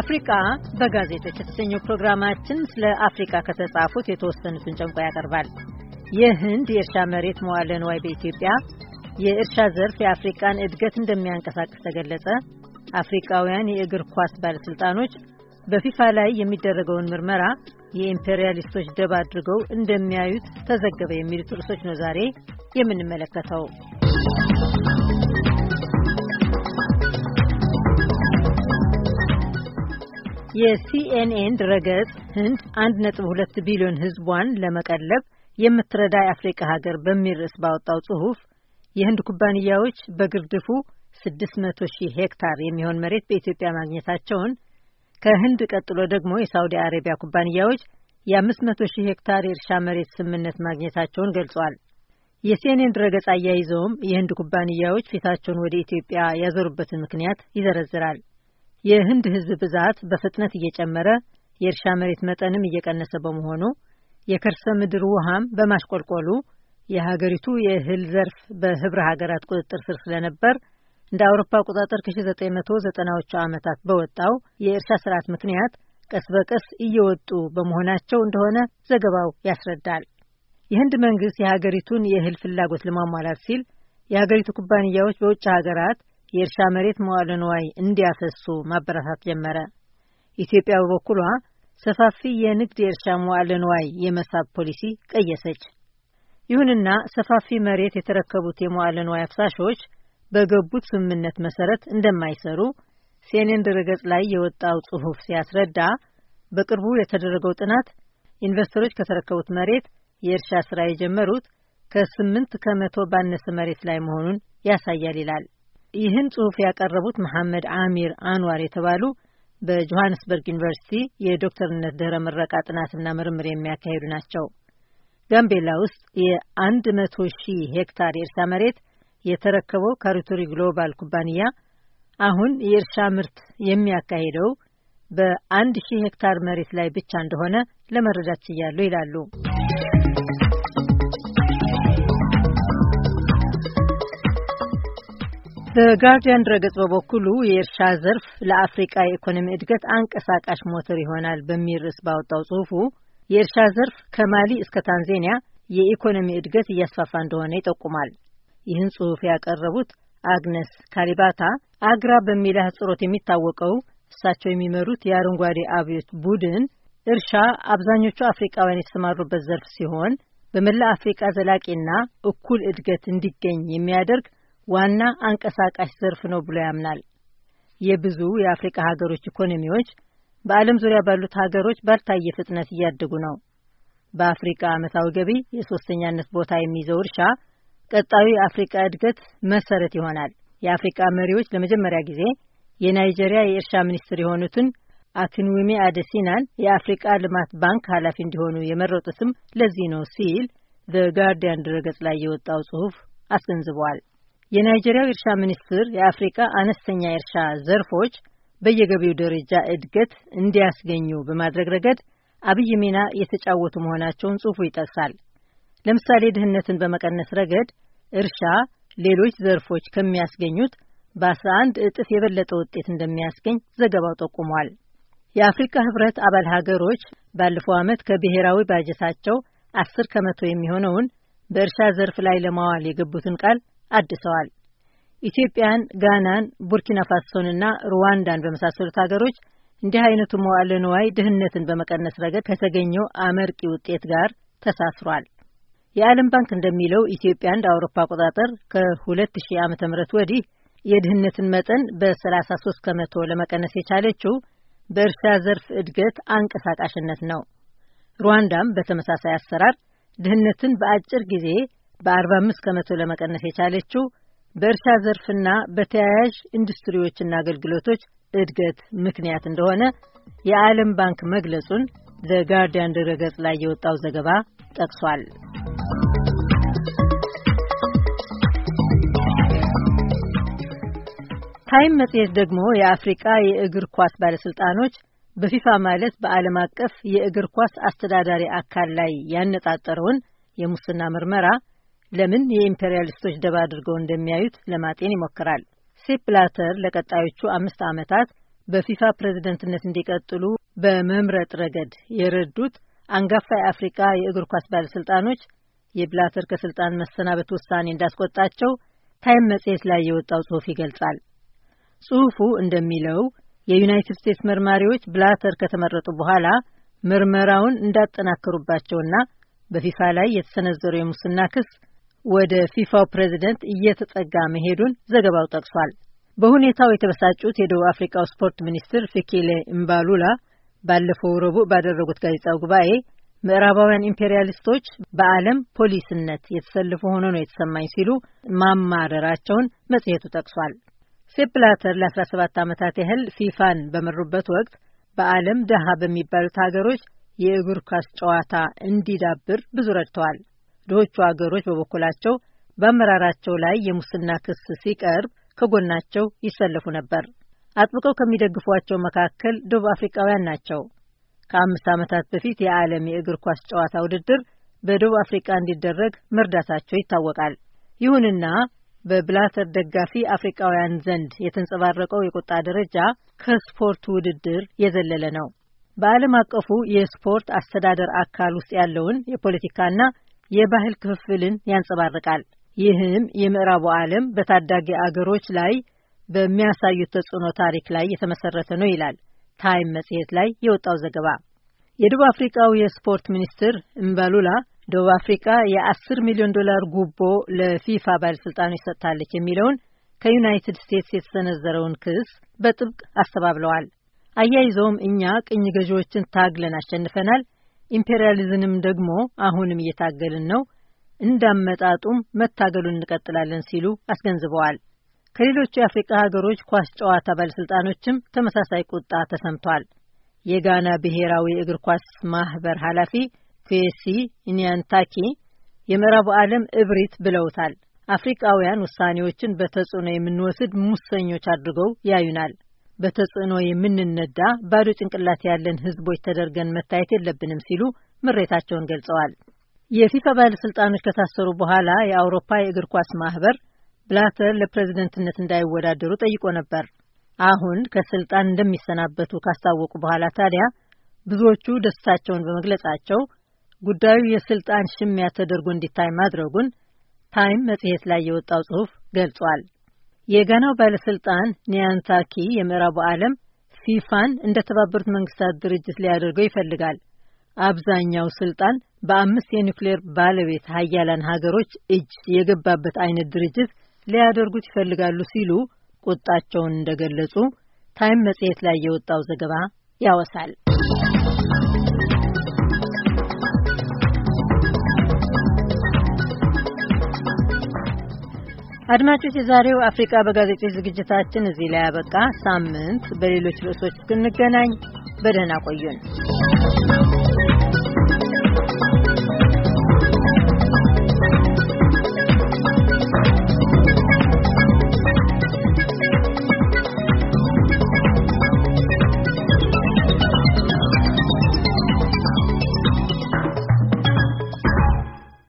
አፍሪካ በጋዜጦች የተሰኘው ፕሮግራማችን ስለ አፍሪካ ከተጻፉት የተወሰኑትን ጨምቆ ያቀርባል። የህንድ የእርሻ መሬት መዋለ ንዋይ በኢትዮጵያ፣ የእርሻ ዘርፍ የአፍሪቃን እድገት እንደሚያንቀሳቅስ ተገለጸ፣ አፍሪካውያን የእግር ኳስ ባለሥልጣኖች በፊፋ ላይ የሚደረገውን ምርመራ የኢምፔሪያሊስቶች ደብ አድርገው እንደሚያዩት ተዘገበ፣ የሚሉት ርዕሶች ነው ዛሬ የምንመለከተው። የሲኤንኤን ድረገጽ ህንድ 1.2 ቢሊዮን ህዝቧን ለመቀለብ የምትረዳ የአፍሪካ ሀገር በሚል ርዕስ ባወጣው ጽሑፍ የህንድ ኩባንያዎች በግርድፉ 600 ሺህ ሄክታር የሚሆን መሬት በኢትዮጵያ ማግኘታቸውን ከህንድ ቀጥሎ ደግሞ የሳውዲ አረቢያ ኩባንያዎች የ500 ሺህ ሄክታር የእርሻ መሬት ስምምነት ማግኘታቸውን ገልጿል። የሲኤንኤን ድረገጽ አያይዘውም የህንድ ኩባንያዎች ፊታቸውን ወደ ኢትዮጵያ ያዞሩበትን ምክንያት ይዘረዝራል። የህንድ ህዝብ ብዛት በፍጥነት እየጨመረ የእርሻ መሬት መጠንም እየቀነሰ በመሆኑ የከርሰ ምድር ውሃም በማሽቆልቆሉ የሀገሪቱ የእህል ዘርፍ በህብረ ሀገራት ቁጥጥር ስር ስለነበር እንደ አውሮፓ አቆጣጠር ከ1990ዎቹ ዓመታት በወጣው የእርሻ ስርዓት ምክንያት ቀስ በቀስ እየወጡ በመሆናቸው እንደሆነ ዘገባው ያስረዳል። የህንድ መንግስት የሀገሪቱን የእህል ፍላጎት ለማሟላት ሲል የሀገሪቱ ኩባንያዎች በውጭ ሀገራት የእርሻ መሬት መዋለ ንዋይ እንዲያፈሱ ማበረታት ጀመረ። ኢትዮጵያ በበኩሏ ሰፋፊ የንግድ የእርሻ መዋለ ንዋይ የመሳብ ፖሊሲ ቀየሰች። ይሁንና ሰፋፊ መሬት የተረከቡት የመዋለ ንዋይ አፍሳሾች በገቡት ስምምነት መሰረት እንደማይሰሩ ሲኤንኤን ድረገጽ ላይ የወጣው ጽሑፍ ሲያስረዳ በቅርቡ የተደረገው ጥናት ኢንቨስተሮች ከተረከቡት መሬት የእርሻ ስራ የጀመሩት ከስምንት ከመቶ ባነሰ መሬት ላይ መሆኑን ያሳያል ይላል። ይህን ጽሑፍ ያቀረቡት መሐመድ አሚር አንዋር የተባሉ በጆሃንስበርግ ዩኒቨርሲቲ የዶክተርነት ድህረ ምረቃ ጥናትና ምርምር የሚያካሂዱ ናቸው። ጋምቤላ ውስጥ የአንድ መቶ ሺህ ሄክታር የእርሻ መሬት የተረከበው ካሪቱሪ ግሎባል ኩባንያ አሁን የእርሻ ምርት የሚያካሂደው በአንድ ሺህ ሄክታር መሬት ላይ ብቻ እንደሆነ ለመረዳት ችያለሁ ይላሉ። በጋርዲያን ድረገጽ በበኩሉ የእርሻ ዘርፍ ለአፍሪቃ የኢኮኖሚ እድገት አንቀሳቃሽ ሞተር ይሆናል በሚል ርዕስ ባወጣው ጽሁፉ የእርሻ ዘርፍ ከማሊ እስከ ታንዜኒያ የኢኮኖሚ እድገት እያስፋፋ እንደሆነ ይጠቁማል። ይህን ጽሁፍ ያቀረቡት አግነስ ካሊባታ አግራ በሚል አህጽሮት የሚታወቀው እሳቸው የሚመሩት የአረንጓዴ አብዮት ቡድን እርሻ አብዛኞቹ አፍሪቃውያን የተሰማሩበት ዘርፍ ሲሆን በመላ አፍሪቃ ዘላቂና እኩል እድገት እንዲገኝ የሚያደርግ ዋና አንቀሳቃሽ ዘርፍ ነው ብሎ ያምናል። የብዙ የአፍሪካ ሀገሮች ኢኮኖሚዎች በዓለም ዙሪያ ባሉት ሀገሮች ባልታየ ፍጥነት እያደጉ ነው። በአፍሪካ ዓመታዊ ገቢ የሶስተኛነት ቦታ የሚይዘው እርሻ ቀጣዩ የአፍሪካ እድገት መሰረት ይሆናል። የአፍሪካ መሪዎች ለመጀመሪያ ጊዜ የናይጄሪያ የእርሻ ሚኒስትር የሆኑትን አኪንዊሜ አደሲናን የአፍሪቃ ልማት ባንክ ኃላፊ እንዲሆኑ የመረጡትም ለዚህ ነው ሲል ዘ ጋርዲያን ድረገጽ ላይ የወጣው ጽሑፍ አስገንዝበዋል። የናይጄሪያው እርሻ ሚኒስትር የአፍሪካ አነስተኛ የእርሻ ዘርፎች በየገቢው ደረጃ እድገት እንዲያስገኙ በማድረግ ረገድ አብይ ሚና የተጫወቱ መሆናቸውን ጽሑፉ ይጠቅሳል። ለምሳሌ ድህነትን በመቀነስ ረገድ እርሻ ሌሎች ዘርፎች ከሚያስገኙት በ11 እጥፍ የበለጠ ውጤት እንደሚያስገኝ ዘገባው ጠቁሟል። የአፍሪካ ህብረት አባል ሀገሮች ባለፈው ዓመት ከብሔራዊ ባጀታቸው 10 ከመቶ የሚሆነውን በእርሻ ዘርፍ ላይ ለማዋል የገቡትን ቃል አድሰዋል። ኢትዮጵያን፣ ጋናን፣ ቡርኪና ፋሶንና ሩዋንዳን በመሳሰሉት ሀገሮች እንዲህ አይነቱ መዋለ ንዋይ ድህነትን በመቀነስ ረገድ ከተገኘው አመርቂ ውጤት ጋር ተሳስሯል። የዓለም ባንክ እንደሚለው ኢትዮጵያ እንደ አውሮፓ አቆጣጠር ከ2000 ዓ ወዲህ የድህነትን መጠን በ33 ከመቶ ለመቀነስ የቻለችው በእርሻ ዘርፍ እድገት አንቀሳቃሽነት ነው። ሩዋንዳም በተመሳሳይ አሰራር ድህነትን በአጭር ጊዜ በ45 ከመቶ ለመቀነስ የቻለችው በእርሻ ዘርፍና በተያያዥ ኢንዱስትሪዎችና አገልግሎቶች እድገት ምክንያት እንደሆነ የዓለም ባንክ መግለጹን ዘ ጋርዲያን ድረገጽ ላይ የወጣው ዘገባ ጠቅሷል። ታይም መጽሔት ደግሞ የአፍሪቃ የእግር ኳስ ባለሥልጣኖች በፊፋ ማለት በዓለም አቀፍ የእግር ኳስ አስተዳዳሪ አካል ላይ ያነጣጠረውን የሙስና ምርመራ ለምን የኢምፔሪያሊስቶች ደባ አድርገው እንደሚያዩት ለማጤን ይሞክራል። ሴፕ ብላተር ለቀጣዮቹ አምስት ዓመታት በፊፋ ፕሬዝደንትነት እንዲቀጥሉ በመምረጥ ረገድ የረዱት አንጋፋ የአፍሪቃ የእግር ኳስ ባለሥልጣኖች የብላተር ከስልጣን መሰናበት ውሳኔ እንዳስቆጣቸው ታይም መጽሔት ላይ የወጣው ጽሑፍ ይገልጻል። ጽሑፉ እንደሚለው የዩናይትድ ስቴትስ መርማሪዎች ብላተር ከተመረጡ በኋላ ምርመራውን እንዳጠናከሩባቸውና በፊፋ ላይ የተሰነዘሩ የሙስና ክስ ወደ ፊፋው ፕሬዚደንት እየተጠጋ መሄዱን ዘገባው ጠቅሷል። በሁኔታው የተበሳጩት የደቡብ አፍሪካው ስፖርት ሚኒስትር ፊኬሌ እምባሉላ ባለፈው ረቡዕ ባደረጉት ጋዜጣው ጉባኤ ምዕራባውያን ኢምፔሪያሊስቶች በዓለም ፖሊስነት የተሰለፉ ሆኖ ነው የተሰማኝ ሲሉ ማማረራቸውን መጽሔቱ ጠቅሷል። ሴፕ ብላተር ለ17 ዓመታት ያህል ፊፋን በመሩበት ወቅት በዓለም ደሃ በሚባሉት ሀገሮች የእግር ኳስ ጨዋታ እንዲዳብር ብዙ ረድተዋል። ድሆቹ አገሮች በበኩላቸው በአመራራቸው ላይ የሙስና ክስ ሲቀርብ ከጎናቸው ይሰለፉ ነበር። አጥብቀው ከሚደግፏቸው መካከል ደቡብ አፍሪቃውያን ናቸው። ከአምስት ዓመታት በፊት የዓለም የእግር ኳስ ጨዋታ ውድድር በደቡብ አፍሪቃ እንዲደረግ መርዳታቸው ይታወቃል። ይሁንና በብላተር ደጋፊ አፍሪቃውያን ዘንድ የተንጸባረቀው የቁጣ ደረጃ ከስፖርቱ ውድድር የዘለለ ነው። በዓለም አቀፉ የስፖርት አስተዳደር አካል ውስጥ ያለውን የፖለቲካና የባህል ክፍፍልን ያንጸባርቃል። ይህም የምዕራቡ ዓለም በታዳጊ አገሮች ላይ በሚያሳዩት ተጽዕኖ ታሪክ ላይ የተመሰረተ ነው ይላል ታይም መጽሔት ላይ የወጣው ዘገባ። የደቡብ አፍሪቃው የስፖርት ሚኒስትር እምባሉላ ደቡብ አፍሪቃ የ10 ሚሊዮን ዶላር ጉቦ ለፊፋ ባለሥልጣኖች ሰጥታለች የሚለውን ከዩናይትድ ስቴትስ የተሰነዘረውን ክስ በጥብቅ አስተባብለዋል። አያይዘውም እኛ ቅኝ ገዢዎችን ታግለን አሸንፈናል፣ ኢምፔሪያሊዝንም ደግሞ አሁንም እየታገልን ነው፣ እንዳመጣጡም መታገሉን እንቀጥላለን ሲሉ አስገንዝበዋል። ከሌሎቹ የአፍሪቃ ሀገሮች ኳስ ጨዋታ ባለሥልጣኖችም ተመሳሳይ ቁጣ ተሰምቷል። የጋና ብሔራዊ እግር ኳስ ማህበር ኃላፊ ኩዌሲ ኒያንታኪ የምዕራቡ ዓለም እብሪት ብለውታል። አፍሪቃውያን ውሳኔዎችን በተጽዕኖ የምንወስድ ሙሰኞች አድርገው ያዩናል። በተጽዕኖ የምንነዳ ባዶ ጭንቅላት ያለን ህዝቦች ተደርገን መታየት የለብንም ሲሉ ምሬታቸውን ገልጸዋል። የፊፋ ባለሥልጣኖች ከታሰሩ በኋላ የአውሮፓ የእግር ኳስ ማህበር ብላተር ለፕሬዝደንትነት እንዳይወዳደሩ ጠይቆ ነበር። አሁን ከስልጣን እንደሚሰናበቱ ካስታወቁ በኋላ ታዲያ ብዙዎቹ ደስታቸውን በመግለጻቸው ጉዳዩ የስልጣን ሽሚያ ተደርጎ እንዲታይ ማድረጉን ታይም መጽሔት ላይ የወጣው ጽሑፍ ገልጿል። የጋናው ባለስልጣን ኒያንሳኪ የምዕራቡ ዓለም ፊፋን እንደ ተባበሩት መንግስታት ድርጅት ሊያደርገው ይፈልጋል። አብዛኛው ስልጣን በአምስት የኒውክሌር ባለቤት ሀያላን ሀገሮች እጅ የገባበት አይነት ድርጅት ሊያደርጉት ይፈልጋሉ ሲሉ ቁጣቸውን እንደገለጹ ታይም መጽሔት ላይ የወጣው ዘገባ ያወሳል። አድማጮች፣ የዛሬው አፍሪካ በጋዜጦች ዝግጅታችን እዚህ ላይ ያበቃ። ሳምንት በሌሎች ርዕሶች እስክንገናኝ በደህና ቆዩን።